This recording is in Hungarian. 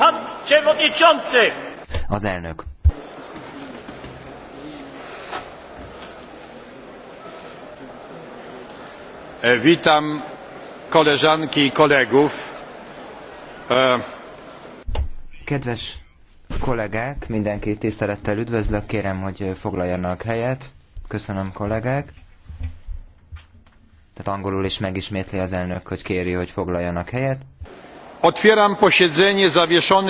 Pan Przewodniczący! Az elnök. E, witam koleżanki i kolegów. E, Kedves kollégák, mindenkit tisztelettel üdvözlök, kérem, hogy foglaljanak helyet. Köszönöm, kollégák. Tehát angolul is megismétli az elnök, hogy kéri, hogy foglaljanak helyet otwieram posiedzenie zawieszone